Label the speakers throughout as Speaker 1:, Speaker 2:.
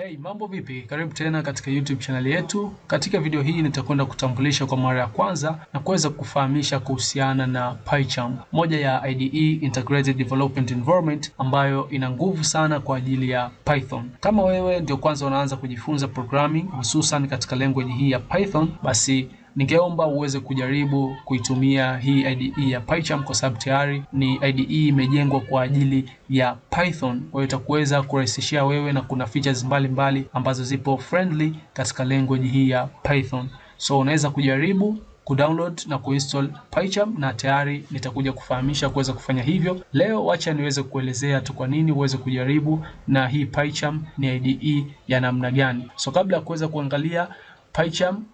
Speaker 1: Hey, mambo vipi? Karibu tena katika YouTube chaneli yetu. Katika video hii nitakwenda kutambulisha kwa mara ya kwanza na kuweza kufahamisha kuhusiana na PyCharm, moja ya IDE Integrated Development Environment ambayo ina nguvu sana kwa ajili ya Python. Kama wewe ndio kwanza unaanza kujifunza programming hususan katika language hii ya Python, basi Ningeomba uweze kujaribu kuitumia hii IDE ya PyCharm kwa sababu tayari ni IDE imejengwa kwa ajili ya Python, kwa hiyo itakuweza kurahisishia wewe na kuna features mbalimbali mbali ambazo zipo friendly katika language hii ya Python. So unaweza kujaribu kudownload na kuinstall PyCharm na tayari nitakuja kufahamisha kuweza kufanya hivyo. Leo wacha niweze kuelezea tu kwa nini uweze kujaribu na hii PyCharm ni IDE ya namna gani. So kabla ya kuweza kuangalia PyCharm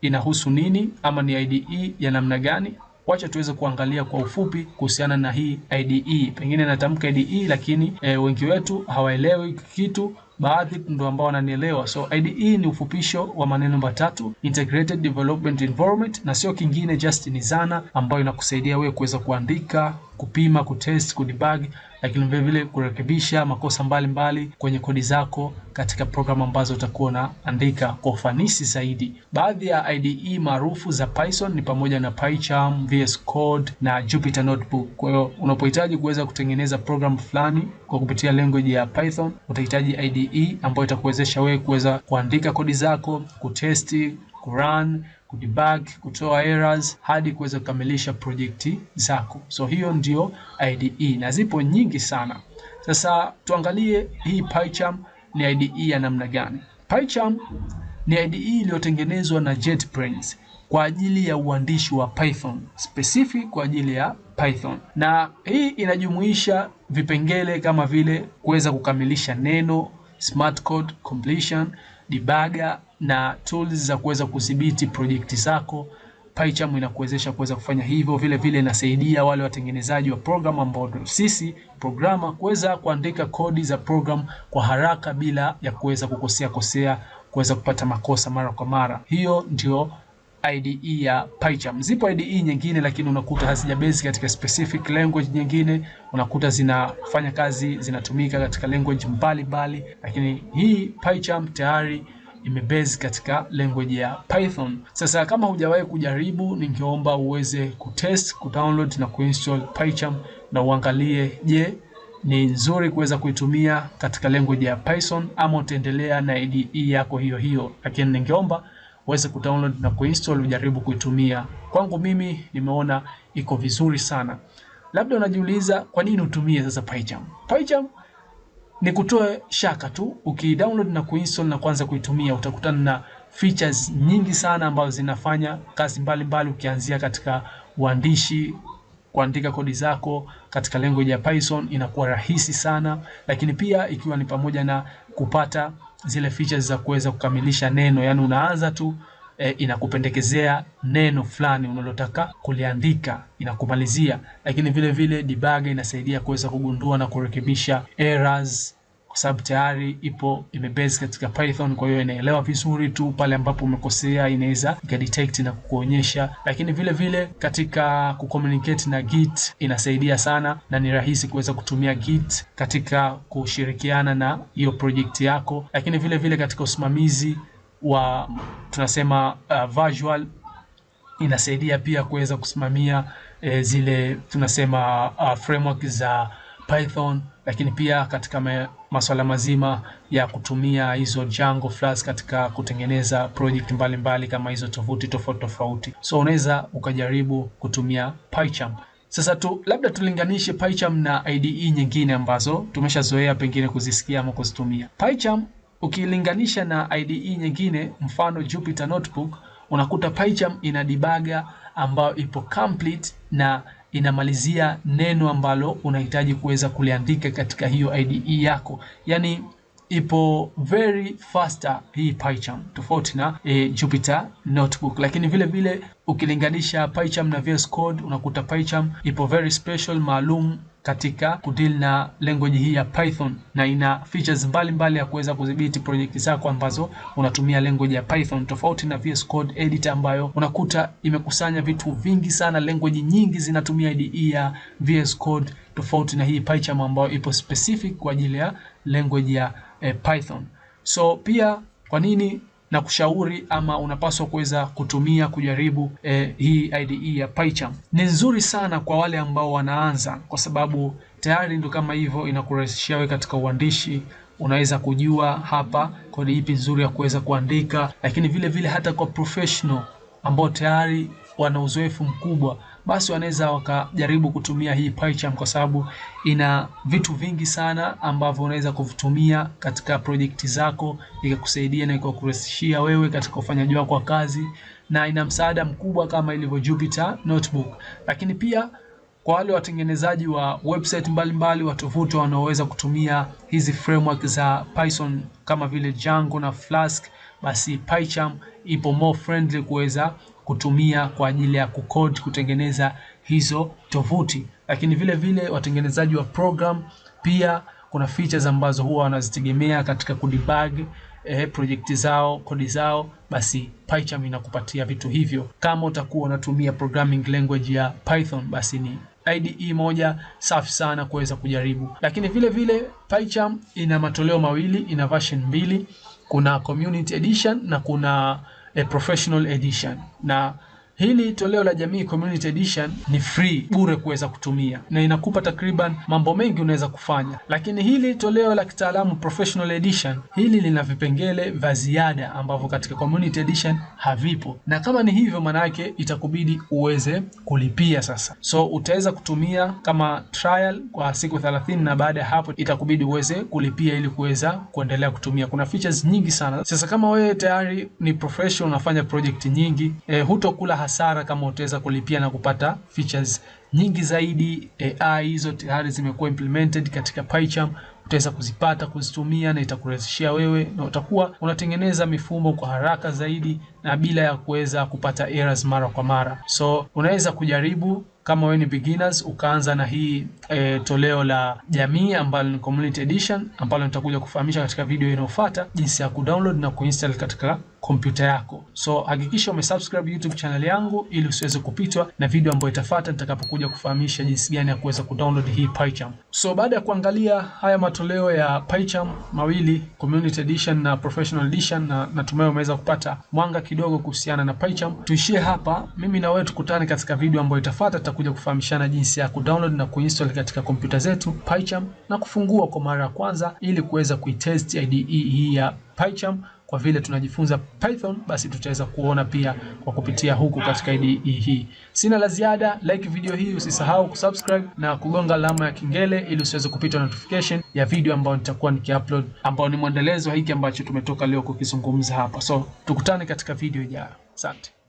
Speaker 1: inahusu nini ama ni IDE ya namna gani? Wacha tuweze kuangalia kwa ufupi kuhusiana na hii IDE. Pengine natamka IDE lakini e, wengi wetu hawaelewi kitu, baadhi ndio ambao wananielewa. So IDE ni ufupisho wa maneno matatu, Integrated Development Environment, na sio kingine, just ni zana ambayo inakusaidia wewe kuweza kuandika, kupima, kutest, kudebug lakini vile vile kurekebisha makosa mbalimbali mbali kwenye kodi zako katika programu ambazo utakuwa unaandika kwa ufanisi zaidi. Baadhi ya IDE maarufu za Python ni pamoja na PyCharm, VS Code na Jupyter Notebook. Kwa hiyo unapohitaji kuweza kutengeneza programu fulani kwa kupitia language ya Python utahitaji IDE ambayo itakuwezesha wewe kuweza kuandika kodi zako, kutesti kurun, kudebug, kutoa errors hadi kuweza kukamilisha projekti zako. So hiyo ndio IDE na zipo nyingi sana. Sasa tuangalie hii PyCharm ni IDE ya namna gani? PyCharm ni IDE iliyotengenezwa na JetBrains kwa ajili ya uandishi wa Python, specific kwa ajili ya Python. Na hii inajumuisha vipengele kama vile kuweza kukamilisha neno, smart code completion, debugger, na tools za kuweza kudhibiti project zako. PyCharm inakuwezesha kuweza kufanya hivyo. Vile vile inasaidia wale watengenezaji wa program ambao sisi programa kuweza kuandika kodi za program kwa haraka bila ya kuweza kukosea kosea, kuweza kupata makosa mara kwa mara. Hiyo ndio IDE ya PyCharm. Zipo IDE nyingine lakini unakuta hazijabase katika specific language nyingine, unakuta zinafanya kazi zinatumika katika language mbalimbali, lakini hii PyCharm tayari imebase katika language ya Python. Sasa kama hujawahi kujaribu, ningeomba uweze kutest, kudownload na kuinstall PyCharm na uangalie, je, ni nzuri kuweza kuitumia katika language ya Python ama utaendelea na IDE yako hiyo hiyo, lakini ningeomba uweze kudownload na kuinstall ujaribu kuitumia. Kwangu mimi nimeona iko vizuri sana. Labda unajiuliza kwa nini utumie sasa PyCharm? PyCharm ni kutoa shaka tu. Ukidownload na kuinstall na kuanza kuitumia utakutana na features nyingi sana ambazo zinafanya kazi mbalimbali, ukianzia katika uandishi, kuandika kodi zako katika language ya Python inakuwa rahisi sana, lakini pia ikiwa ni pamoja na kupata zile features za kuweza kukamilisha neno, yani unaanza tu e, inakupendekezea neno fulani unalotaka kuliandika, inakumalizia. Lakini vile vile debug inasaidia kuweza kugundua na kurekebisha errors kwa sababu tayari ipo imebase katika Python, kwa hiyo inaelewa vizuri tu pale ambapo umekosea, inaweza ikadetect na kukuonyesha. Lakini vile vile katika kucommunicate na Git inasaidia sana, na ni rahisi kuweza kutumia Git katika kushirikiana na hiyo project yako, lakini vile vile katika usimamizi wa tunasema uh, visual inasaidia pia kuweza kusimamia e, zile tunasema uh, framework za Python, lakini pia katika masuala mazima ya kutumia hizo Django Flask katika kutengeneza project mbalimbali mbali kama hizo tofauti tofauti tofauti. So unaweza ukajaribu kutumia PyCharm. Sasa tu labda tulinganishe PyCharm na IDE nyingine ambazo tumeshazoea pengine kuzisikia ama kuzitumia. PyCharm Ukilinganisha na IDE nyingine mfano Jupyter Notebook unakuta PyCharm ina dibaga ambayo ipo complete na inamalizia neno ambalo unahitaji kuweza kuliandika katika hiyo IDE yako. Yaani ipo very faster hii PyCharm tofauti na e, Jupyter Notebook, lakini vile vile Ukilinganisha PyCharm na VS Code unakuta PyCharm ipo very special maalum katika kudeal na language hii ya Python na ina features mbalimbali mbali ya kuweza kudhibiti project zako ambazo unatumia language ya Python, tofauti na VS Code editor ambayo unakuta imekusanya vitu vingi sana. Language nyingi zinatumia IDE ya VS Code, tofauti na hii PyCharm ambayo ipo specific kwa ajili ya language ya eh, Python. So pia kwa nini na kushauri ama unapaswa kuweza kutumia kujaribu eh, hii IDE ya PyCharm. Ni nzuri sana kwa wale ambao wanaanza, kwa sababu tayari ndo kama hivyo inakurahisishia wewe katika uandishi unaweza kujua hapa kodi ipi nzuri ya kuweza kuandika, lakini vile vile hata kwa professional ambao tayari wana uzoefu mkubwa basi wanaweza wakajaribu kutumia hii PyCharm kwa sababu ina vitu vingi sana ambavyo unaweza kuvitumia katika project zako, ikakusaidia na ikakurahisishia wewe katika ufanyaji wako wa kazi, na ina msaada mkubwa kama ilivyo Jupyter Notebook. Lakini pia kwa wale watengenezaji wa website mbalimbali wa tovuto wanaoweza kutumia hizi framework za Python kama vile Django na Flask, basi PyCharm ipo more friendly kuweza kutumia kwa ajili ya kukodi kutengeneza hizo tovuti. Lakini vile vile watengenezaji wa program pia kuna features ambazo huwa wanazitegemea katika kudebug eh, project zao, kodi zao, basi PyCharm inakupatia vitu hivyo. Kama utakuwa unatumia programming language ya Python, basi ni IDE moja safi sana kuweza kujaribu. Lakini vile vile PyCharm ina matoleo mawili, ina version mbili, kuna community edition na kuna a professional edition na Hili toleo la Jamii Community Edition ni free bure kuweza kutumia na inakupa takriban mambo mengi unaweza kufanya, lakini hili toleo la kitaalamu Professional Edition hili lina vipengele vya ziada ambavyo katika Community Edition havipo, na kama ni hivyo, maana yake itakubidi uweze kulipia sasa. So utaweza kutumia kama trial kwa siku 30 na baada ya hapo itakubidi uweze kulipia ili kuweza kuendelea kutumia. Kuna features nyingi sana. Sasa kama wewe tayari ni professional unafanya project nyingi, eh, hutokula hasara kama utaweza kulipia na kupata features nyingi zaidi. AI hizo tayari zimekuwa implemented katika PyCharm, utaweza kuzipata kuzitumia, na itakurahisishia wewe na utakuwa unatengeneza mifumo kwa haraka zaidi na bila ya kuweza kupata errors mara kwa mara. So unaweza kujaribu kama wewe ni beginners ukaanza na hii e, toleo la jamii ambalo ni community edition ambalo nitakuja kufahamisha katika video inayofuata jinsi ya kudownload na kuinstall katika kompyuta yako. So hakikisha umesubscribe YouTube channel yangu ili usiweze kupitwa na video ambayo itafuata nitakapokuja kufahamisha jinsi gani ya kuweza kudownload hii PyCharm. So baada ya kuangalia haya matoleo ya PyCharm mawili, Community Edition na Professional Edition, na natumai umeweza kupata mwanga kidogo kuhusiana na PyCharm. Tuishie hapa, mimi na wewe tukutane katika video ambayo itafuata, tutakuja kufahamishana jinsi ya kudownload na kuinstall katika kompyuta zetu PyCharm na kufungua kwa mara ya kwanza ili kuweza kuitest IDE hii ya PyCharm kwa vile tunajifunza Python, basi tutaweza kuona pia kwa kupitia huku katika IDE hii. Sina la ziada, like video hii, usisahau kusubscribe na kugonga alama ya kengele ili usiweze kupitwa notification ya video ambayo nitakuwa nikiupload, ambayo ni mwendelezo hiki ambacho tumetoka leo kukizungumza hapa. So tukutane katika video ijayo. Asante.